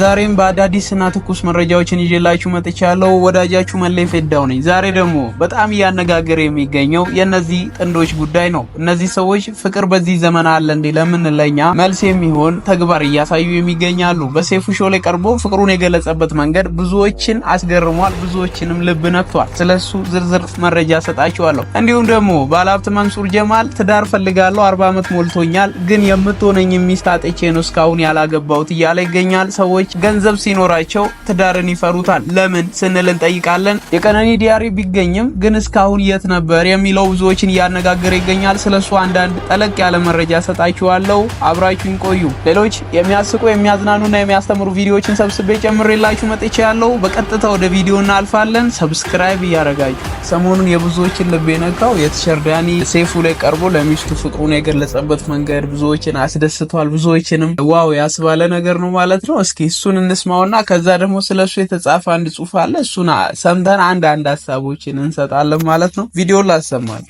ዛሬም በአዳዲስ እና ትኩስ መረጃዎችን ይዤላችሁ መጥቻለሁ። ወዳጃችሁ መለይ ፌዳው ነኝ። ዛሬ ደግሞ በጣም እያነጋገረ የሚገኘው የእነዚህ ጥንዶች ጉዳይ ነው። እነዚህ ሰዎች ፍቅር በዚህ ዘመን አለ እንዴ ለምን ለኛ መልስ የሚሆን ተግባር እያሳዩ የሚገኛሉ። በሴፉ ሾ ላይ ቀርቦ ፍቅሩን የገለጸበት መንገድ ብዙዎችን አስገርሟል፣ ብዙዎችንም ልብ ነክቷል። ስለሱ ዝርዝር መረጃ ሰጣችኋለሁ። እንዲሁም ደግሞ ባለሀብት መንሱር ጀማል ትዳር ፈልጋለሁ፣ አርባ ዓመት ሞልቶኛል፣ ግን የምትሆነኝ ሚስት አጥቼ ነው እስካሁን ያላገባሁት እያለ ይገኛል ሰዎች ሰዎች ገንዘብ ሲኖራቸው ትዳርን ይፈሩታል። ለምን ስንል እንጠይቃለን። የቀነኒ ዲያሪ ቢገኝም ግን እስካሁን የት ነበር የሚለው ብዙዎችን እያነጋገረ ይገኛል። ስለሱ አንዳንድ ጠለቅ ያለ መረጃ ሰጣችኋለሁ። አብራችሁን ቆዩ። ሌሎች የሚያስቁ የሚያዝናኑና የሚያስተምሩ ቪዲዮዎችን ሰብስቤ ጨምሬላችሁ መጥቼ ያለው በቀጥታ ወደ ቪዲዮ እናልፋለን። ሰብስክራይብ እያደረጋችሁ ሰሞኑን የብዙዎችን ልብ የነካው የተቸር ዳኒ ሴፉ ላይ ቀርቦ ለሚስቱ ፍቅሩን የገለጸበት መንገድ ብዙዎችን አስደስቷል። ብዙዎችንም ዋው ያስባለ ነገር ነው ማለት ነው። እስኪ እሱን እንስማውና ከዛ ደግሞ ስለሱ የተጻፈ አንድ ጽሁፍ አለ። እሱን ሰምተን አንድ አንድ ሀሳቦችን እንሰጣለን ማለት ነው። ቪዲዮ ላሰማል።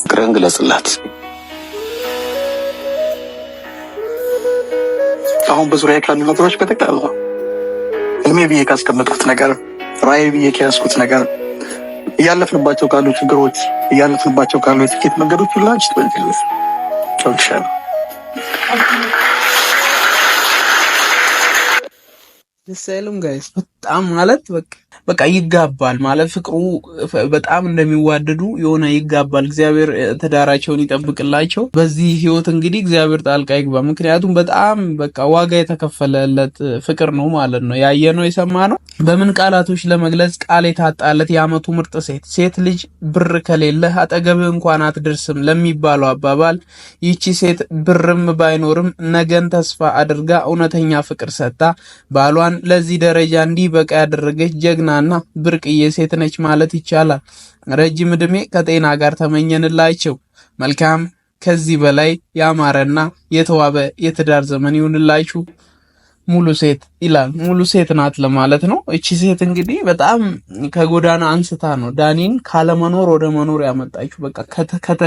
ፍቅርን ግለጽላት። አሁን በዙሪያ ካሉ ነገሮች በጠቅላላ እድሜ ብዬ ካስቀመጥኩት ነገር፣ ራዕይ ብዬ ከያዝኩት ነገር፣ እያለፍንባቸው ካሉ ችግሮች፣ እያለፍንባቸው ካሉ የትኬት መንገዶች ሁላች ነው ደስ አይልም ጋይስ? በጣም ማለት በቃ በቃ ይጋባል ማለት ፍቅሩ በጣም እንደሚዋደዱ የሆነ ይጋባል። እግዚአብሔር ትዳራቸውን ይጠብቅላቸው። በዚህ ህይወት እንግዲህ እግዚአብሔር ጣልቃ ይግባ። ምክንያቱም በጣም በቃ ዋጋ የተከፈለለት ፍቅር ነው ማለት ነው። ያየነው የሰማነው በምን ቃላቶች ለመግለጽ ቃል የታጣለት የአመቱ ምርጥ ሴት ሴት ልጅ ብር ከሌለ አጠገብህ እንኳን አትደርስም ለሚባለው አባባል ይቺ ሴት ብርም ባይኖርም ነገን ተስፋ አድርጋ እውነተኛ ፍቅር ሰጥታ ባሏን ለዚህ ደረጃ እንዲህ በቃ ያደረገች ጀግና ጀግናና ብርቅዬ ሴት ነች ማለት ይቻላል። ረጅም ዕድሜ ከጤና ጋር ተመኘንላቸው። መልካም ከዚህ በላይ ያማረና የተዋበ የትዳር ዘመን ይሁንላችሁ። ሙሉ ሴት ይላል ሙሉ ሴት ናት ለማለት ነው። እቺ ሴት እንግዲህ በጣም ከጎዳና አንስታ ነው ዳኒን ካለመኖር ወደ መኖር ያመጣችው። በቃ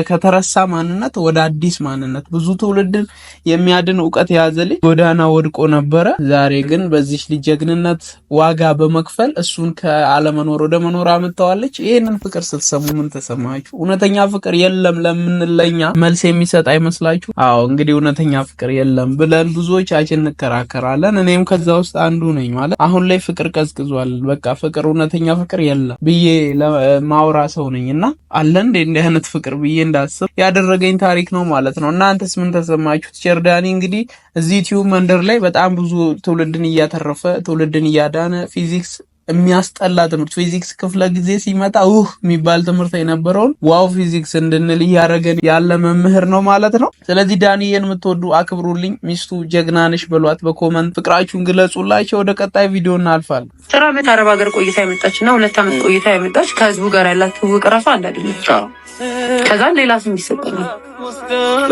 ከተረሳ ማንነት ወደ አዲስ ማንነት፣ ብዙ ትውልድን የሚያድን እውቀት የያዘ ልጅ ጎዳና ወድቆ ነበረ። ዛሬ ግን በዚች ልጅ ጀግንነት ዋጋ በመክፈል እሱን ከአለመኖር ወደ መኖር አመጥተዋለች። ይህንን ፍቅር ስትሰሙ ምን ተሰማችሁ? እውነተኛ ፍቅር የለም ለምንለኛ መልስ የሚሰጥ አይመስላችሁ? አዎ እንግዲህ እውነተኛ ፍቅር የለም ብለን ብዙዎቻችን እንከራከራለን። እኔም ከዛው ውስጥ አንዱ ነኝ ማለት አሁን ላይ ፍቅር ቀዝቅዟል፣ በቃ ፍቅር እውነተኛ ፍቅር የለም ብዬ ለማውራ ሰው ነኝ እና አለ እንደ እንዲህ አይነት ፍቅር ብዬ እንዳስብ ያደረገኝ ታሪክ ነው ማለት ነው። እናንተስ ምን ተሰማችሁት? ጀርዳኒ እንግዲህ እዚህ ዩቲዩብ መንደር ላይ በጣም ብዙ ትውልድን እያተረፈ ትውልድን እያዳነ ፊዚክስ የሚያስጠላ ትምህርት ፊዚክስ ክፍለ ጊዜ ሲመጣ ውህ የሚባል ትምህርት የነበረውን ዋው ፊዚክስ እንድንል እያደረገን ያለ መምህር ነው ማለት ነው። ስለዚህ ዳንዬን የምትወዱ አክብሩልኝ፣ ሚስቱ ጀግናንሽ በሏት። በኮመንት ፍቅራችሁን ግለጹላቸው። ወደ ቀጣይ ቪዲዮ እናልፋለን። ጥር ዓመት አረብ ሀገር ቆይታ የመጣች እና ሁለት ዓመት ቆይታ የመጣች ከህዝቡ ጋር ያላት ትውውቅ ራሱ አንድ አይደለም። ሌላ ስም ይሰጠኛል።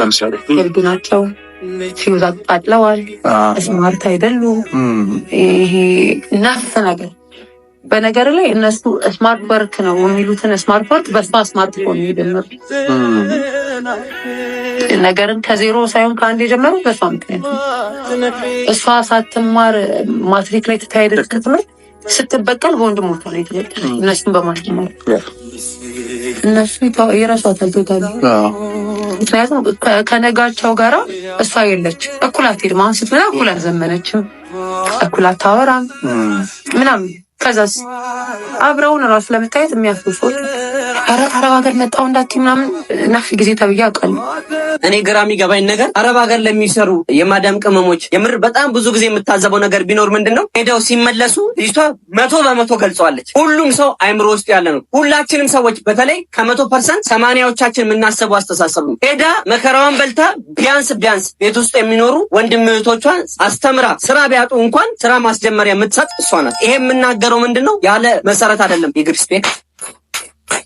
ለምሳሌ ናቸው ሲወዛ ጣጥለዋል፣ ስማርት አይደሉም። ይሄ እናፍሰ ነገር በነገር ላይ እነሱ ስማርት ወርክ ነው የሚሉትን ስማርት ወርክ በእሷ ስማርት ፎን ነው የጀመሩት። ነገርን ከዜሮ ሳይሆን ከአንድ የጀመረው በእሷ ምክንያት እሷ ሳትማር ማትሪክ ላይ የተካሄደ ትምህርት ስትበቀል በወንድሞቿ ላይ የተበቀለ። እነሱን በማስተማር እነሱ የራሷታል ቶታል። ምክንያቱም ከነጋቸው ጋራ እሷ የለች እኩላት ሄድማ ስትላ እኩላት ዘመነችም እኩላት ታወራም ምናምን ከዛስ አብረውን እራሱ ለመታየት የሚያፍሩ ሰዎች አረ አረብ ሀገር መጣው እንዳትይ ምናምን ናፍ ጊዜ ተብዬ አውቃለሁ። እኔ ግራ የሚገባኝ ነገር አረብ ሀገር ለሚሰሩ የማዳም ቅመሞች የምር በጣም ብዙ ጊዜ የምታዘበው ነገር ቢኖር ምንድን ነው ሄደው ሲመለሱ ልጅቷ መቶ በመቶ ገልጸዋለች። ሁሉም ሰው አይምሮ ውስጥ ያለ ነው። ሁላችንም ሰዎች በተለይ ከመቶ ፐርሰንት ሰማንያዎቻችን የምናስበው አስተሳሰብ ነው። ሄዳ መከራዋን በልታ ቢያንስ ቢያንስ ቤት ውስጥ የሚኖሩ ወንድም እህቶቿን አስተምራ ስራ ቢያጡ እንኳን ስራ ማስጀመሪያ የምትሰጥ እሷ ናት። ይሄ የምናገረው ምንድን ነው ያለ መሰረት አይደለም። የግሪስፔክት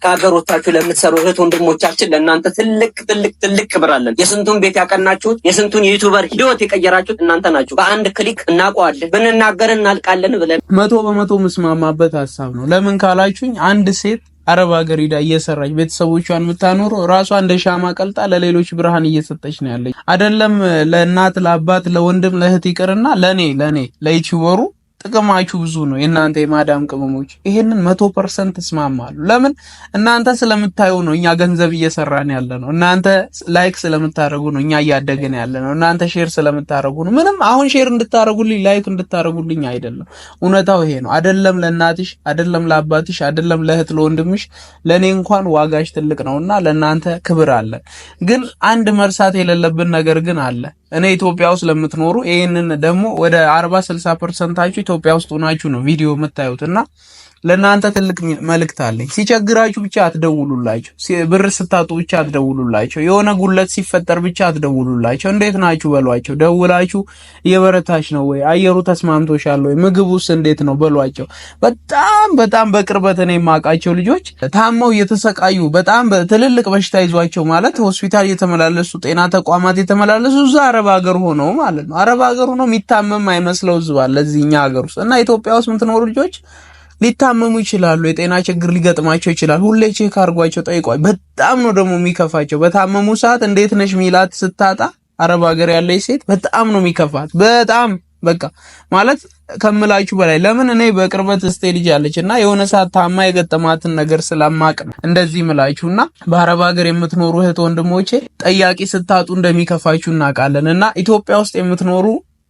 ከሀገር ለምትሰሩ እህት ወንድሞቻችን ለእናንተ ትልቅ ትልቅ ትልቅ ክብር አለን። የስንቱን ቤት ያቀናችሁት፣ የስንቱን ዩቱበር ህይወት የቀየራችሁት እናንተ ናችሁ። በአንድ ክሊክ እናውቀዋለን፣ ብንናገር እናልቃለን ብለን መቶ በመቶ ምስማማበት ሀሳብ ነው። ለምን ካላችሁኝ አንድ ሴት አረብ ሀገር ሂዳ እየሰራች ቤተሰቦቿን የምታኖረው ራሷ እንደ ሻማ ቀልጣ ለሌሎች ብርሃን እየሰጠች ነው ያለች። አይደለም ለእናት ለአባት ለወንድም ለእህት ይቅርና ለእኔ ለእኔ ለዩቲዩበሩ ጥቅማችሁ ብዙ ነው። የእናንተ የማዳም ቅመሞች ይሄንን መቶ ፐርሰንት እስማማሉ። ለምን እናንተ ስለምታዩ ነው እኛ ገንዘብ እየሰራን ያለ ነው። እናንተ ላይክ ስለምታደርጉ ነው እኛ እያደግን ያለ ነው። እናንተ ሼር ስለምታደርጉ ነው። ምንም አሁን ሼር እንድታደርጉልኝ ላይክ እንድታደርጉልኝ አይደለም። እውነታው ይሄ ነው። አይደለም ለእናትሽ፣ አይደለም ለአባትሽ፣ አይደለም ለእህት ለወንድምሽ፣ ለእኔ እንኳን ዋጋሽ ትልቅ ነውና ለእናንተ ክብር አለ። ግን አንድ መርሳት የሌለብን ነገር ግን አለ እኔ ኢትዮጵያ ውስጥ ለምትኖሩ ይህንን ደግሞ ወደ 40 60 ፐርሰንታችሁ ኢትዮጵያ ውስጥ ሆናችሁ ነው ቪዲዮ የምታዩት እና ለእናንተ ትልቅ መልእክት አለኝ። ሲቸግራችሁ ብቻ አትደውሉላቸው። ብር ስታጡ ብቻ አትደውሉላቸው። የሆነ ጉለት ሲፈጠር ብቻ አትደውሉላቸው። እንዴት ናችሁ በሏቸው። ደውላችሁ እየበረታች ነው ወይ፣ አየሩ ተስማምቶሻል ወይ፣ ምግቡስ እንዴት ነው በሏቸው። በጣም በጣም በቅርበት እኔ የማውቃቸው ልጆች ታመው እየተሰቃዩ በጣም ትልልቅ በሽታ ይዟቸው ማለት ሆስፒታል የተመላለሱ ጤና ተቋማት የተመላለሱ እዛ አረብ ሀገር ሆኖ ማለት ነው አረብ ሀገር ሆኖ የሚታመም አይመስለው ዝባል ለዚህኛ ሀገር ውስጥ እና ኢትዮጵያ ውስጥ ምትኖሩ ልጆች ሊታመሙ ይችላሉ። የጤና ችግር ሊገጥማቸው ይችላል። ሁሌ ቼክ አድርጓቸው ጠይቋ። በጣም ነው ደግሞ የሚከፋቸው። በታመሙ ሰዓት እንዴት ነሽ ሚላት ስታጣ አረብ ሀገር ያለች ሴት በጣም ነው የሚከፋት። በጣም በቃ ማለት ከምላችሁ በላይ ለምን እኔ በቅርበት እስቴ ልጅ ያለች እና የሆነ ሰዓት ታማ የገጠማትን ነገር ስለማቅ ነው እንደዚህ ምላችሁ እና በአረብ ሀገር የምትኖሩ እህት ወንድሞቼ ጠያቂ ስታጡ እንደሚከፋችሁ እናውቃለን እና ኢትዮጵያ ውስጥ የምትኖሩ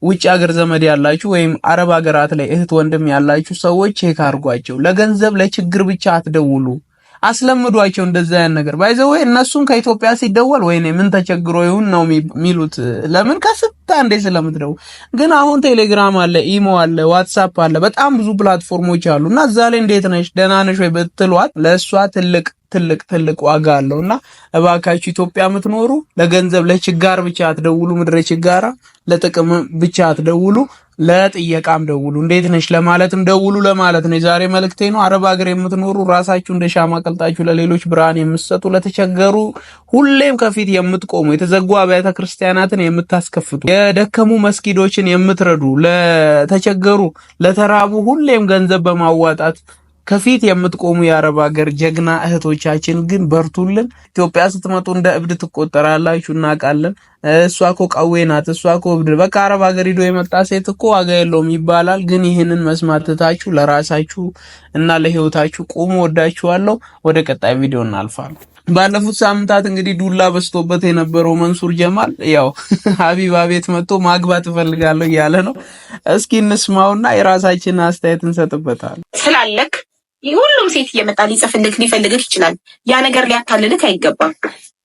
ውጭ ሀገር ዘመድ ያላችሁ ወይም አረብ ሀገራት ላይ እህት ወንድም ያላችሁ ሰዎች ቼክ አድርጓቸው። ለገንዘብ ለችግር ብቻ አትደውሉ። አስለምዷቸው እንደዛ ያን ነገር ባይዘው እነሱም ከኢትዮጵያ ሲደወል ወይኔ ምን ተቸግሮ ይሁን ነው የሚሉት። ለምን ከስታ እንዴ ስለምትደው ግን አሁን ቴሌግራም አለ፣ ኢሞ አለ፣ ዋትሳፕ አለ፣ በጣም ብዙ ፕላትፎርሞች አሉ እና እዛ ላይ እንዴት ነሽ ደህና ነሽ ወይ ብትሏት ለእሷ ትልቅ ትልቅ ትልቅ ዋጋ አለው እና እባካችሁ ኢትዮጵያ የምትኖሩ ለገንዘብ ለችጋር ብቻ አትደውሉ። ምድረ ችጋራ ለጥቅም ብቻ አትደውሉ። ለጥየቃም ደውሉ፣ እንዴት ነሽ ለማለትም ደውሉ ለማለት ነው። የዛሬ መልእክቴ ነው። አረብ ሀገር የምትኖሩ ራሳችሁ እንደ ሻማ ቀልጣችሁ ለሌሎች ብርሃን የምትሰጡ ለተቸገሩ ሁሌም ከፊት የምትቆሙ የተዘጉ አብያተ ክርስቲያናትን የምታስከፍቱ የደከሙ መስጊዶችን የምትረዱ ለተቸገሩ ለተራቡ ሁሌም ገንዘብ በማዋጣት ከፊት የምትቆሙ የአረብ ሀገር ጀግና እህቶቻችን ግን በርቱልን። ኢትዮጵያ ስትመጡ እንደ እብድ ትቆጠራላችሁ፣ እናውቃለን። እሷ ኮ ቀዌ ናት፣ እሷ ኮ እብድ፣ በቃ አረብ ሀገር ሂዶ የመጣ ሴት እኮ ዋጋ የለውም ይባላል። ግን ይህንን መስማትታችሁ ለራሳችሁ እና ለህይወታችሁ ቁሙ። ወዳችኋለሁ። ወደ ቀጣይ ቪዲዮ እናልፋለን። ባለፉት ሳምንታት እንግዲህ ዱላ በስቶበት የነበረው መንሱር ጀማል ያው ሀቢባ ቤት መጥቶ ማግባት እፈልጋለሁ እያለ ነው። እስኪ እንስማውና የራሳችንን አስተያየት እንሰጥበታለን። ስላለክ ሁሉም ሴት እየመጣ ሊጽፍልክ ሊፈልግክ ይችላል። ያ ነገር ሊያታልልክ አይገባም።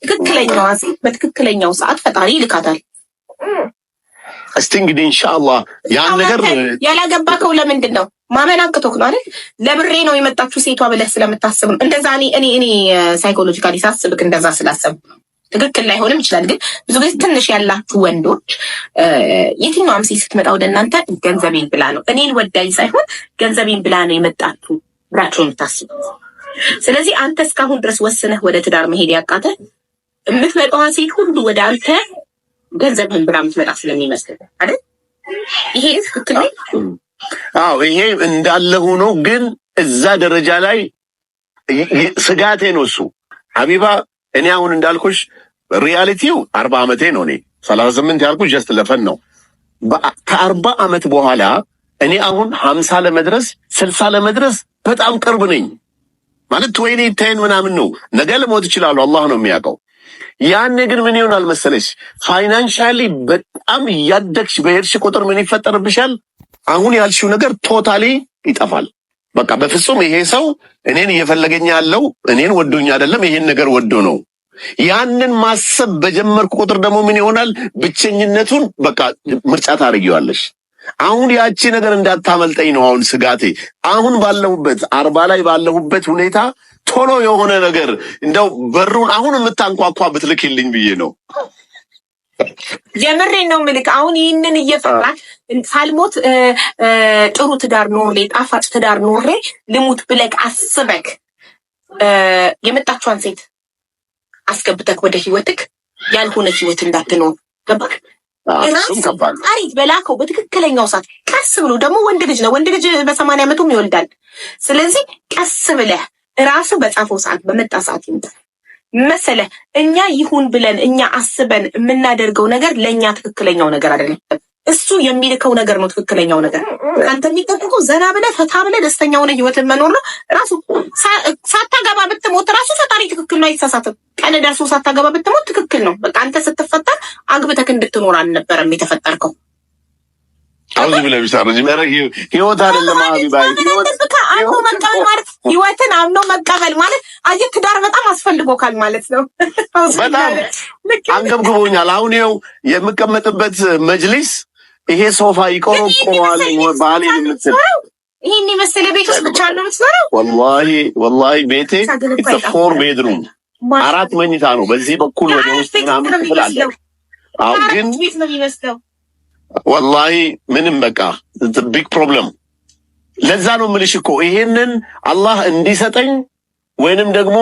ትክክለኛዋ ሴት በትክክለኛው ሰዓት ፈጣሪ ይልካታል። እስቲ እንግዲህ ኢንሻአላህ ያን ነገር ያላገባከው ለምንድን ነው ማመን አቅቶክ ነው አይደል? ለብሬ ነው የመጣችሁ ሴቷ ብለህ ስለምታስብ ነው እንደዛ። እኔ እኔ እኔ ሳይኮሎጂካሊ ሳስብክ እንደዛ ስላሰብ ትክክል ላይሆንም ይችላል። ግን ብዙ ጊዜ ትንሽ ያላችሁ ወንዶች የትኛውም ሴት ስትመጣ ወደ እናንተ ገንዘቤን ብላ ነው እኔን ወዳኝ ሳይሆን ገንዘቤን ብላ ነው የመጣችሁ ራቅን ታስብ። ስለዚህ አንተ እስካሁን ድረስ ወስነህ ወደ ትዳር መሄድ ያቃተ የምትመጣዋ ሴት ሁሉ ወደ አንተ ገንዘብህን ብላ የምትመጣ ስለሚመስል አይደል? ይሄ ትክክል አዎ ይሄ እንዳለ ሆኖ ግን እዛ ደረጃ ላይ ስጋቴ ነው እሱ። ሀቢባ እኔ አሁን እንዳልኩሽ ሪያሊቲው አርባ ዓመቴ ነው። እኔ ሰላሳ ስምንት ያልኩ ጀስት ለፈን ነው። ከአርባ ዓመት በኋላ እኔ አሁን ሀምሳ ለመድረስ ስልሳ ለመድረስ በጣም ቅርብ ነኝ ማለት ወይኔ ይታይን ምናምን ነው። ነገ ልሞት ይችላሉ፣ አላህ ነው የሚያውቀው። ያኔ ግን ምን ይሆናል መሰለሽ፣ ፋይናንሻሊ በጣም እያደግሽ በሄድሽ ቁጥር ምን ይፈጠርብሻል? አሁን ያልሽው ነገር ቶታሊ ይጠፋል። በቃ በፍጹም ይሄ ሰው እኔን እየፈለገኝ ያለው እኔን ወዶኝ አይደለም፣ ይሄን ነገር ወዶ ነው። ያንን ማሰብ በጀመርኩ ቁጥር ደግሞ ምን ይሆናል? ብቸኝነቱን በቃ ምርጫ ታደርጊዋለሽ። አሁን ያቺ ነገር እንዳታመልጠኝ ነው አሁን ስጋቴ። አሁን ባለሁበት አርባ ላይ ባለሁበት ሁኔታ ቶሎ የሆነ ነገር እንደው በሩን አሁን የምታንኳኳ ብትልክልኝ ብዬ ነው። የምሬ ነው ምልክ አሁን ይህንን እየፈራ ሳልሞት ጥሩ ትዳር ኖሬ ጣፋጭ ትዳር ኖሬ ልሙት ብለክ አስበክ የመጣችኋን ሴት አስገብተክ ወደ ህይወትክ ያልሆነ ህይወት እንዳትኖር ገባክ? ፈጣሪት በላከው በትክክለኛው ሰዓት ቀስ ብሎ ደግሞ ወንድ ልጅ ነው። ወንድ ልጅ በሰማንያ ዓመቱም ይወልዳል። ስለዚህ ቀስ ብለህ ራሱ በጻፈው ሰዓት በመጣ ሰዓት ይምጣ መሰለ። እኛ ይሁን ብለን እኛ አስበን የምናደርገው ነገር ለእኛ ትክክለኛው ነገር አይደለም። እሱ የሚልከው ነገር ነው ትክክለኛው ነገር። አንተ የሚጠበቀው ዘና ብለ ፈታ ብለ ደስተኛ ሆነ ህይወትን መኖር ነው። ራሱ ሳታገባ ብትሞት ራሱ ፈጣሪ ትክክል ነው፣ አይሳሳትም። ቀን ደርሶ ሳታገባ ብትሞት ትክክል ነው። በቃ አንተ ስትፈጠር አግብተክ እንድትኖር አልነበረም የተፈጠርከው። ህይወትን አምኖ መቀበል ማለት አየህ፣ ትዳር በጣም አስፈልጎካል ማለት ነው። በጣም አንገብግቦኛል። አሁን ይኸው የምቀመጥበት መጅሊስ ይሄ ሶፋ ይቆረቆረዋል። ባሌ የምትል ይሄን የመሰለ ቤት ውስጥ ብቻ ነው የምትኖረው? ወላሂ ወላሂ ቤቴ ፎር ቤድሩም አራት መኝታ ነው። በዚህ በኩል ወደ ውስጥ ምናምን ክፍል አዎ ግን ወላሂ ምንም በቃ ቢግ ፕሮብለም። ለዛ ነው የምልሽ እኮ ይሄንን አላህ እንዲሰጠኝ ወይንም ደግሞ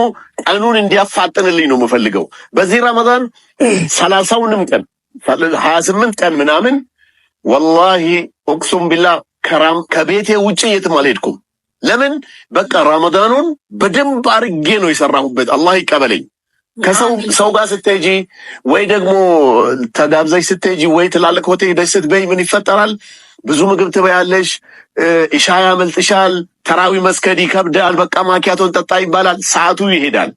ቀኑን እንዲያፋጥንልኝ ነው የምፈልገው። በዚህ ረመዳን ሰላሳውንም ቀን ሀያ ስምንት ቀን ምናምን ወላሂ ኡቅሱም ቢላ ከቤቴ ውጭ የትም አልሄድኩም። ለምን በቃ ረመዳኑን በደንብ አርጌ ነው የሰራሁበት። አላህ ይቀበለኝ። ከሰው ጋር ስትሄጂ ወይ ደግሞ ተጋብዘሽ ስትሄጂ ወይ ትላልቅ ሆቴል ሄደሽ ስትበይ ምን ይፈጠራል? ብዙ ምግብ ትበያለሽ። ኢሻ ያመልጥሻል። ተራዊ መስከድ ይከብዳል። በቃ ማኪያቶን ጠጣ ይባላል። ሰዓቱ ይሄዳል።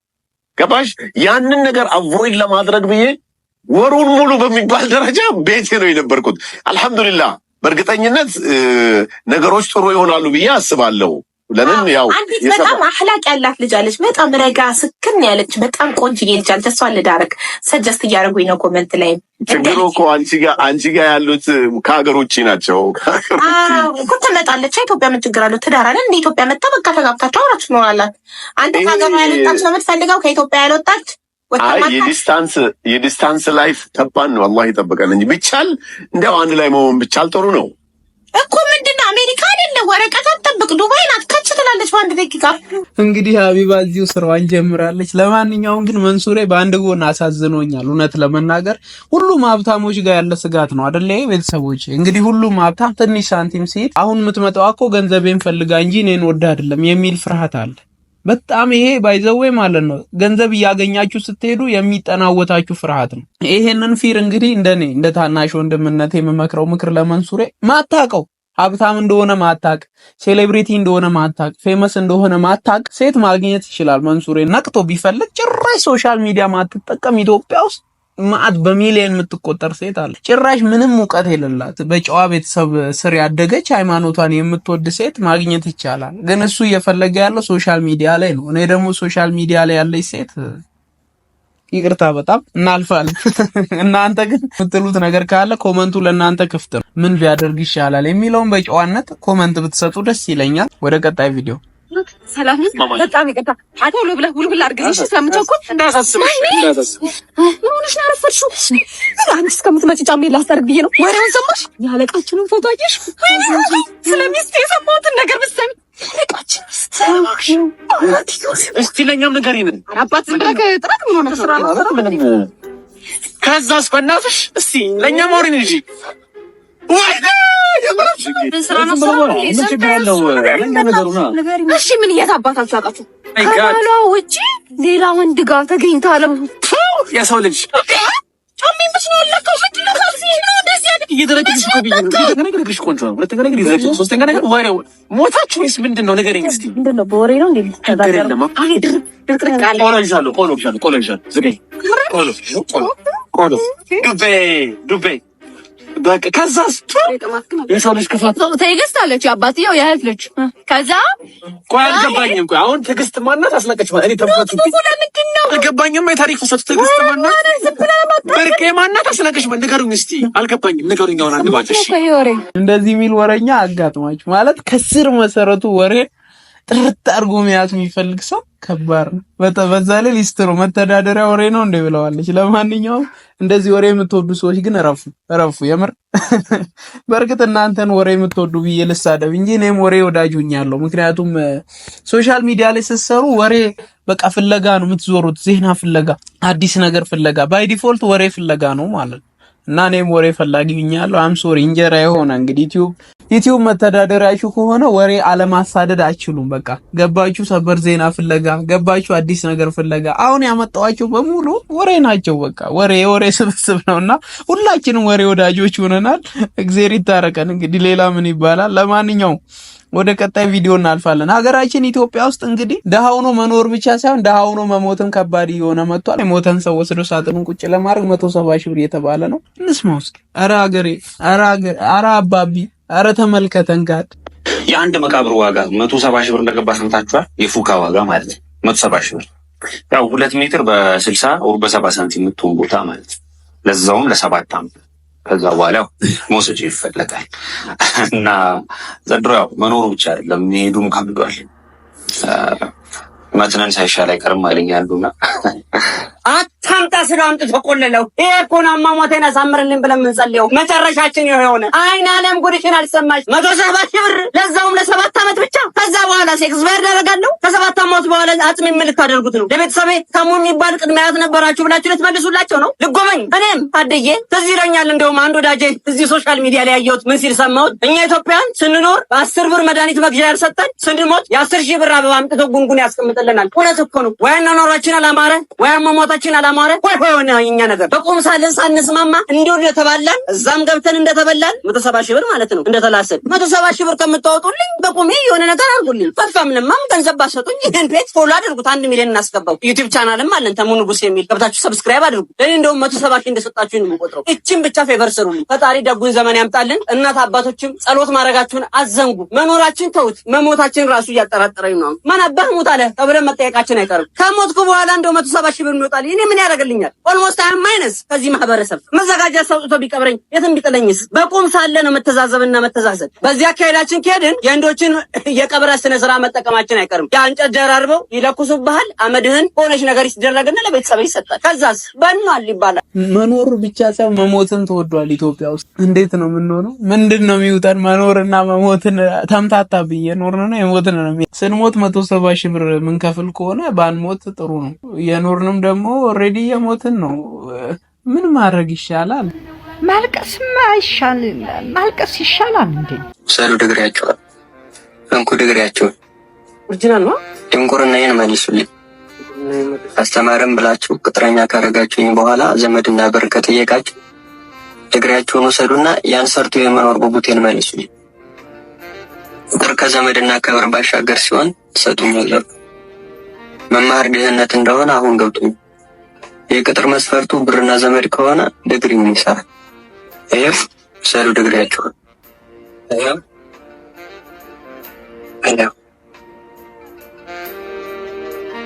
ገባሽ? ያንን ነገር አቮይድ ለማድረግ ብዬ ወሩን ሙሉ በሚባል ደረጃ ቤቴ ነው የነበርኩት። አልሐምዱሊላ በእርግጠኝነት ነገሮች ጥሩ ይሆናሉ ብዬ አስባለሁ። ለምን ያው አንዲት በጣም አህላቅ ያላት ልጅ አለች። በጣም ረጋ ስክን ያለች በጣም ቆንጅዬ ልጅ አለች። እሷን ልዳረግ ሰጀስት እያደረጉኝ ነው ኮመንት ላይ። ችግሩ እኮ አንቺ ጋ አንቺ ጋ ያሉት ከሀገር ውጭ ናቸው። እኮ ትመጣለች። ኢትዮጵያ ምን ችግር አለው? ትዳር አለ እንደ ኢትዮጵያ መጣ። በቃ ተጋብታችሁ አብራችሁ ትኖራላችሁ። አንተ ከሀገር ያልወጣች ነው የምትፈልገው፣ ከኢትዮጵያ ያልወጣች የዲስታንስ የዲስታንስ ላይፍ ከባድ ነው። አላህ ይጠብቀን እንጂ ቢቻል እንዲያው አንድ ላይ መሆን ቢቻል ጥሩ ነው እኮ ምንድን ነው አሜሪካ አይደለ ወረቀት አትጠብቅ ዱባይ ናት ከች ትላለች በአንድ ደቂቃ። እንግዲህ ሀቢባ እዚሁ ስራዋን ጀምራለች። ለማንኛውም ግን መንሱሬ በአንድ ጎን አሳዝኖኛል። እውነት ለመናገር ሁሉም ሀብታሞች ጋር ያለ ስጋት ነው አደለ? ቤተሰቦች እንግዲህ ሁሉም ሀብታም ትንሽ ሳንቲም ሲሄድ አሁን የምትመጣዋ እኮ ገንዘቤን ፈልጋ እንጂ እኔን ወደ አይደለም የሚል ፍርሃት አለ። በጣም ይሄ ባይዘዌ ማለት ነው ገንዘብ እያገኛችሁ ስትሄዱ የሚጠናወታችሁ ፍርሃት ነው። ይሄንን ፊር እንግዲህ እንደኔ እንደ ታናሽ ወንድምነት የምመክረው ምክር ለመንሱሬ ማታቀው ሀብታም እንደሆነ ማታቅ፣ ሴሌብሪቲ እንደሆነ ማታቅ፣ ፌመስ እንደሆነ ማታቅ ሴት ማግኘት ይችላል። መንሱሬ ነቅቶ ቢፈልግ ጭራሽ ሶሻል ሚዲያ ማትጠቀም ኢትዮጵያ ውስጥ ማአት በሚሊየን የምትቆጠር ሴት አለ። ጭራሽ ምንም እውቀት የሌላት በጨዋ ቤተሰብ ስር ያደገች ሃይማኖቷን የምትወድ ሴት ማግኘት ይቻላል። ግን እሱ እየፈለገ ያለው ሶሻል ሚዲያ ላይ ነው። እኔ ደግሞ ሶሻል ሚዲያ ላይ ያለች ሴት ይቅርታ በጣም እናልፋለን። እናንተ ግን የምትሉት ነገር ካለ ኮመንቱ ለእናንተ ክፍት ነው። ምን ቢያደርግ ይሻላል የሚለውን በጨዋነት ኮመንት ብትሰጡ ደስ ይለኛል። ወደ ቀጣይ ቪዲዮ ሰላም በጣም ይቅርታ። አቶሎ ብለህ ውልውል አድርገሽ ስለምቸኩል እንዳያሳስብሽ እንዳያሳስብሽ። ምን ሆነሽ ነው ያረፈድሽው? አንቺ እስከምትመጪ ጫሜ ላስጠርግ ብዬ ነው። ወሬውን ሰማሽ? የአለቃችንን ፎቶ አየሽ? ስለ የሰማሁትን ነገር ብትሰሚ እስቲ ለእኛም ነገር አባት ዝም ብለህ ጥረት ምን ሆነ ስራ ከዛ እስኮ እናትሽ እስቲ ለእኛም አውሪን እንጂ እሺ ምን የት አባታችሁ አውቃችሁ ከባሏ ውጪ ሌላ ወንድ ጋር ተገኝታ የሰው ልጅ ሞታችሁ ምንድን ነው? ንገረኝ በወሬ ነው ቆሎ ቆሎ ቆሎ በቃ ከዛስ የሰው ልጅ ክፋት ትዕግስት አለች የአባትየው የእህት ልጅ ከዛ ቆይ አልገባኝም ቆይ አሁን ትዕግስት ማናት አስለቀች ማለት እኔ ተፈቱ ለምንድን ነው አልገባኝም የታሪክ ፍሰቱ ትዕግስት ማናት ብርቄ ማናት አስለቀች ማለት ንገሩኝ እስቲ አልገባኝም ንገሩኝ አሁን አንድ እንደዚህ የሚል ወረኛ አጋጥማችሁ ማለት ከስር መሰረቱ ወሬ ጥርት አድርጎ መያዝ የሚፈልግ ሰው ከባድ ነው። በዛ ላይ ሊስትሮ መተዳደሪያ ወሬ ነው እንደ ብለዋለች። ለማንኛውም እንደዚህ ወሬ የምትወዱ ሰዎች ግን እረፉ፣ እረፉ። የምር በእርግጥ እናንተን ወሬ የምትወዱ ብዬ ልሳደብ እንጂ እኔም ወሬ ወዳጅ ሆኛለሁ። ምክንያቱም ሶሻል ሚዲያ ላይ ስትሰሩ ወሬ በቃ ፍለጋ ነው የምትዞሩት፣ ዜና ፍለጋ፣ አዲስ ነገር ፍለጋ፣ ባይ ዲፎልት ወሬ ፍለጋ ነው ማለት ነው። እና እኔም ወሬ ፈላጊ ሆኛለሁ። አም ሶሪ እንጀራ የሆነ እንግዲህ ዩቲዩብ ዩቲዩብ መተዳደሪያችሁ ከሆነ ወሬ አለማሳደድ አይችሉም። በቃ ገባችሁ? ሰበር ዜና ፍለጋ ገባችሁ? አዲስ ነገር ፍለጋ አሁን ያመጣዋቸው በሙሉ ወሬ ናቸው። በቃ ወሬ የወሬ ስብስብ ነውና ሁላችንም ወሬ ወዳጆች ሆነናል። እግዜር ይታረቀን። እንግዲህ ሌላ ምን ይባላል? ለማንኛውም ወደ ቀጣይ ቪዲዮ እናልፋለን። ሀገራችን ኢትዮጵያ ውስጥ እንግዲህ ደሃ ሆኖ መኖር ብቻ ሳይሆን ደሃ ሆኖ መሞትም ከባድ እየሆነ መጥቷል። የሞተን ሰው ወስዶ ሳጥኑን ቁጭ ለማድረግ መቶ ሰባ ሺህ ብር እየተባለ ነው። እንስማ ውስጥ አረ ሀገሬ፣ አረ አባቢ፣ አረ ተመልከተን ጋድ የአንድ መቃብር ዋጋ መቶ ሰባ ሺህ ብር እንደገባ ሰምታችኋል። የፉካ ዋጋ ማለት ነው መቶ ሰባ ሺህ ብር ያው ሁለት ሜትር በስልሳ ወር በሰባ ሳንቲም የምትሆን ቦታ ማለት ለዛውም ለሰባት ዓመት ከዛ በኋላ መውሰድ ይፈለጋል እና ዘንድሮ ያው መኖሩ ብቻ አይደለም መሄዱም ከብዷል። መትነን ሳይሻል አይቀርም አለኝ አንዱና ራስን አምጥቶ ቆለለው። ይሄ እኮ ነው አሟሟቴን አሳምርልን ብለን የምንጸልየው። መጨረሻችን ይኸው የሆነ አይን አለም ጉድሽን አልሰማሽ። መቶ ሰባት ብር ለዛውም ለሰባት አመት ብቻ። ከዛ በኋላ ሴክስ ቨር ያደረጋለሁ። ከሰባት አመት በኋላ አጽም የምልታደርጉት ነው። ለቤተሰቤ ታሙ የሚባል ቅድሚያት ነበራችሁ ብላችሁ ልትመልሱላቸው ነው። ልጎበኝ እኔም አደዬ ትዝ ይለኛል። እንደውም አንድ ወዳጄ እዚህ ሶሻል ሚዲያ ላይ ያየሁት ምን ሲል ሰማሁት። እኛ ኢትዮጵያን ስንኖር በአስር ብር መድኃኒት መግዣ ያልሰጠን ስንድሞት የአስር ሺህ ብር አበባ አምጥቶ ጉንጉን ያስቀምጥልናል። እውነት እኮ ነው። ወያ ኖሯችን አላማረ ወያ መሞታችን አላማረ መጥፎ የሆነ ነገር ሳለን ሳንስማማ እንዲሁ እንደተባላን እዛም ገብተን እንደተበላን መቶ ሰባ ሺህ ብር ማለት ነው እንደተላሰን መቶ ሰባ ሺህ ብር ከምታወጡልኝ በቁሜ የሆነ ነገር አድርጉልኝ። ፈፋምንማም ገንዘብ ባሰጡኝ ይህን ቤት ፎሎ አድርጉት። አንድ ሚሊዮን እናስገባው። ዩቲብ ቻናልም አለን ተሙ ንጉስ የሚል ገብታችሁ ሰብስክራይብ አድርጉ። እኔ እንደውም መቶ ሰባ ሺህ እንደሰጣችሁ የምቆጥረው እችን ብቻ ፌቨር ስሩልኝ። ፈጣሪ ደጉን ዘመን ያምጣልን። እናት አባቶችም ጸሎት ማድረጋችሁን አዘንጉ። መኖራችን ተውት፣ መሞታችን ራሱ እያጠራጠረኝ ነው። ማን አባህ ሞት አለ ተብለን መጠየቃችን አይቀርም። ከሞትኩ በኋላ እንደው መቶ ሰባ ሺህ ብር ይወጣል። እኔ ምን ያደርግልኛል? ይቀብረኛል። ኦልሞስት አያም አይነስ ከዚህ ማህበረሰብ መዘጋጃ ሰውጥቶ ቢቀብረኝ የትም ቢጥለኝስ። በቁም ሳለ ነው መተዛዘብና መተዛዘብ። በዚህ አካሄዳችን ከሄድን የእንዶችን የቀብረ ስነ ስራ መጠቀማችን አይቀርም። የእንጨት ደራርበው ይለኩሱብሃል። አመድህን ሆነች ነገር ይደረግና ለቤተሰብ ይሰጣል። ከዛስ በኗል ይባላል። መኖር ብቻ ሳይሆን መሞትን ተወዷል። ኢትዮጵያ ውስጥ እንዴት ነው የምንሆነው? ምንድን ነው የሚውጠን? መኖርና መሞትን ተምታታ ብዬ ነው የሞትን ነው ስንሞት መቶ ሰባ ሺህ ብር ምንከፍል ከሆነ ሞት ጥሩ ነው። የኖርንም ደግሞ ኦልሬዲ የሞ ሞትን ነው። ምን ማድረግ ይሻላል? ማልቀስ ይሻል። ማልቀስ ይሻላል እንዴ? ውሰዱ ድግሪያቸውን፣ እንኩ ድግሪያቸውን። ኦሪጂናል ነው። ድንቁርናዬን መልሱልኝ። አስተማርም ብላችሁ ቅጥረኛ ካረጋችሁኝ በኋላ ዘመድና ብር ከጠየቃችሁ ድግሪያችሁን ውሰዱና ያን ሰርቶ የመኖር ጉጉቴን መልሱልኝ። ቁጥር ከዘመድና ከብር ባሻገር ሲሆን ትሰጡኛላችሁ። መማር ድህነት እንደሆነ አሁን ገብቶኛል። የቅጥር መስፈርቱ ብርና ዘመድ ከሆነ ድግሪ ምን ይሰራል? ይህ ሰሉ ዲግሪያቸውን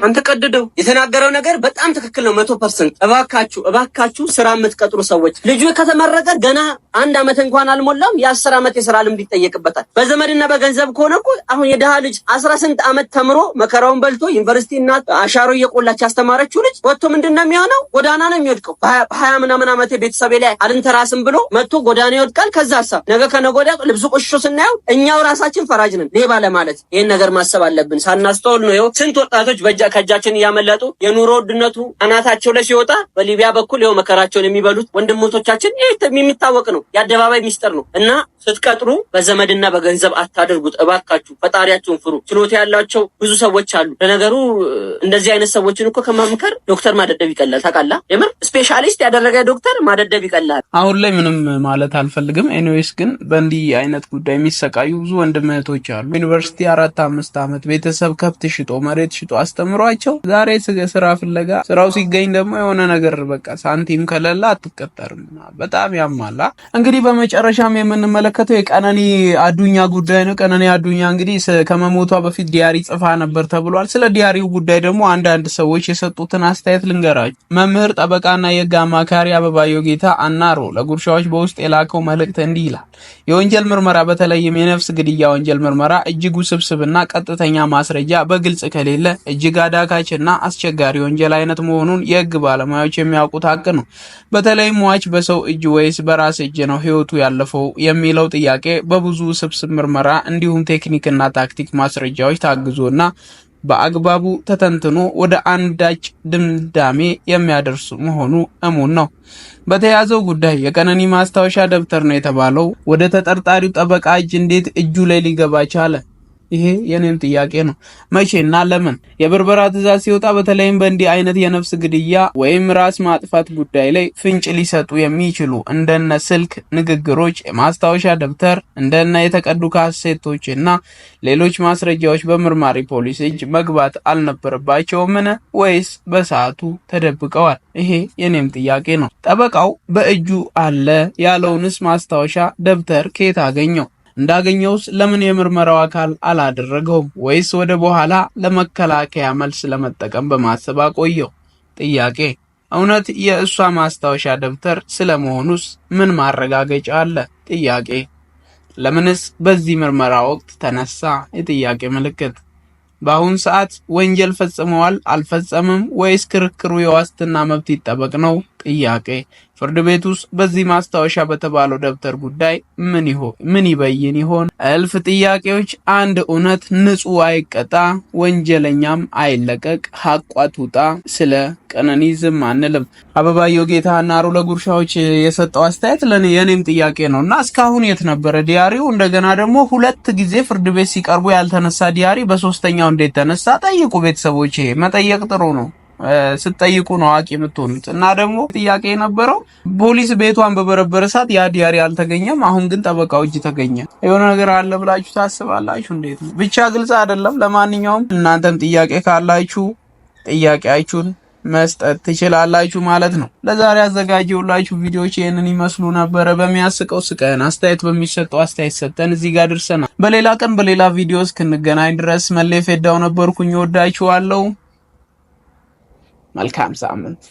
አንተ ቀድደው የተናገረው ነገር በጣም ትክክል ነው፣ መቶ ፐርሰንት። እባካችሁ እባካችሁ ስራ የምትቀጥሩ ሰዎች ልጁ ከተመረቀ ገና አንድ አመት እንኳን አልሞላም፣ የአስር አመት የስራ ልምድ ይጠየቅበታል። በዘመድና በገንዘብ ከሆነ እኮ አሁን የድሃ ልጅ አስራ ስንት አመት ተምሮ መከራውን በልቶ ዩኒቨርሲቲ እና አሻሮ እየቆላች ያስተማረችው ልጅ ወጥቶ ምንድን ነው የሚሆነው? ጎዳና ነው የሚወድቀው። በሀያ ምናምን አመት ቤተሰቤ ላይ አልንተራስም ብሎ መጥቶ ጎዳና ይወድቃል። ከዛ ሀሳብ ነገ ከነጎዳ ልብሱ ቆሽሾ ስናየው እኛው ራሳችን ፈራጅ ነን ሌባ ለማለት ይህን ነገር ማሰብ አለብን። ሳናስተውል ነው ስንት ወጣቶች በእጃ ከእጃችን እያመለጡ የኑሮ ውድነቱ አናታቸው ላይ ሲወጣ በሊቢያ በኩል ይኸው መከራቸውን የሚበሉት ወንድሞቶቻችን የሚታወቅ ነው። የአደባባይ ሚስጥር ነው እና ስትቀጥሩ በዘመድና በገንዘብ አታደርጉት እባካችሁ፣ ፈጣሪያችሁን ፍሩ። ችሎታ ያላቸው ብዙ ሰዎች አሉ። ለነገሩ እንደዚህ አይነት ሰዎችን እኮ ከማምከር ዶክተር ማደደብ ይቀላል። ታውቃላ፣ የምር ስፔሻሊስት ያደረገ ዶክተር ማደደብ ይቀላል። አሁን ላይ ምንም ማለት አልፈልግም። ኤኒዌይስ ግን በእንዲህ አይነት ጉዳይ የሚሰቃዩ ብዙ ወንድም እህቶች አሉ። ዩኒቨርሲቲ አራት አምስት ዓመት ቤተሰብ ከብት ሽጦ መሬት ሽጦ አስተምሮ ኖሯቸው ዛሬ ስራ ፍለጋ ስራው ሲገኝ ደግሞ የሆነ ነገር በቃ ሳንቲም ከሌለ አትቀጠርም። በጣም ያማላ። እንግዲህ በመጨረሻም የምንመለከተው የቀነኒ አዱኛ ጉዳይ ነው። ቀነኒ አዱኛ እንግዲህ ከመሞቷ በፊት ዲያሪ ጽፋ ነበር ተብሏል። ስለ ዲያሪው ጉዳይ ደግሞ አንዳንድ ሰዎች የሰጡትን አስተያየት ልንገራችሁ። መምህር፣ ጠበቃና የህግ አማካሪ አበባዮ ጌታ አናሮ ለጉርሻዎች በውስጥ የላከው መልእክት እንዲህ ይላል። የወንጀል ምርመራ በተለይም የነፍስ ግድያ ወንጀል ምርመራ እጅግ ውስብስብና ቀጥተኛ ማስረጃ በግልጽ ከሌለ እጅግ አዳካችና አስቸጋሪ ወንጀል አይነት መሆኑን የህግ ባለሙያዎች የሚያውቁት ሀቅ ነው። በተለይ ሟች በሰው እጅ ወይስ በራስ እጅ ነው ህይወቱ ያለፈው የሚለው ጥያቄ በብዙ ስብስብ ምርመራ እንዲሁም ቴክኒክና ታክቲክ ማስረጃዎች ታግዞና በአግባቡ ተተንትኖ ወደ አንዳች ድምዳሜ የሚያደርሱ መሆኑ እሙን ነው። በተያዘው ጉዳይ የቀነኒ ማስታወሻ ደብተር ነው የተባለው ወደ ተጠርጣሪው ጠበቃ እጅ እንዴት እጁ ላይ ሊገባ ቻለ? ይሄ የኔም ጥያቄ ነው። መቼ እና ለምን የብርበራ ትዛዝ ሲወጣ በተለይም በእንዲህ አይነት የነፍስ ግድያ ወይም ራስ ማጥፋት ጉዳይ ላይ ፍንጭ ሊሰጡ የሚችሉ እንደነ ስልክ ንግግሮች፣ የማስታወሻ ደብተር፣ እንደነ የተቀዱ ካሴቶች እና ሌሎች ማስረጃዎች በምርማሪ ፖሊስ እጅ መግባት አልነበረባቸውምን ወይስ በሰዓቱ ተደብቀዋል? ይሄ የኔም ጥያቄ ነው። ጠበቃው በእጁ አለ ያለውንስ ማስታወሻ ደብተር ከየት አገኘው? እንዳገኘውስ ለምን የምርመራው አካል አላደረገውም? ወይስ ወደ በኋላ ለመከላከያ መልስ ለመጠቀም በማሰብ አቆየው? ጥያቄ እውነት የእሷ ማስታወሻ ደብተር ስለመሆኑስ ምን ማረጋገጫ አለ? ጥያቄ ለምንስ በዚህ ምርመራ ወቅት ተነሳ? የጥያቄ ምልክት በአሁን ሰዓት ወንጀል ፈጽመዋል አልፈጸምም ወይስ ክርክሩ የዋስትና መብት ይጠበቅ ነው? ጥያቄ ፍርድ ቤት ውስጥ በዚህ ማስታወሻ በተባለው ደብተር ጉዳይ ምን ይሆን ምን ይበይን ይሆን? እልፍ ጥያቄዎች፣ አንድ እውነት። ንጹህ አይቀጣ፣ ወንጀለኛም አይለቀቅ፣ ሀቋ ትውጣ። ስለ ቀነኒ ዝም አንልም። አበባየሁ ጌታና አሩ ለጉርሻዎች የሰጠው አስተያየት ለኔ የኔም ጥያቄ ነው እና እስካሁን የት ነበረ ዲያሪው? እንደገና ደግሞ ሁለት ጊዜ ፍርድ ቤት ሲቀርቡ ያልተነሳ ዲያሪ በሶስተኛው እንዴት ተነሳ? ጠይቁ ቤተሰቦች፣ መጠየቅ ጥሩ ነው። ስትጠይቁ ነው አዋቂ የምትሆኑት። እና ደግሞ ጥያቄ የነበረው ፖሊስ ቤቷን በበረበረ ሰዓት ያ ዲያሪ አልተገኘም። አሁን ግን ጠበቃው እጅ ተገኘ። የሆነ ነገር አለ ብላችሁ ታስባላችሁ? እንዴት ነው ብቻ ግልጽ አይደለም። ለማንኛውም እናንተም ጥያቄ ካላችሁ ጥያቄያችሁን መስጠት ትችላላችሁ ማለት ነው። ለዛሬ አዘጋጀውላችሁ ቪዲዮዎች ይህንን ይመስሉ ነበረ። በሚያስቀው ስቀን አስተያየት በሚሰጠው አስተያየት ሰጠን እዚህ ጋር ደርሰናል። በሌላ ቀን በሌላ ቪዲዮ እስክንገናኝ ድረስ መለፌ ዳው ነበርኩኝ። ወዳችኋለሁ። መልካም ሳምንት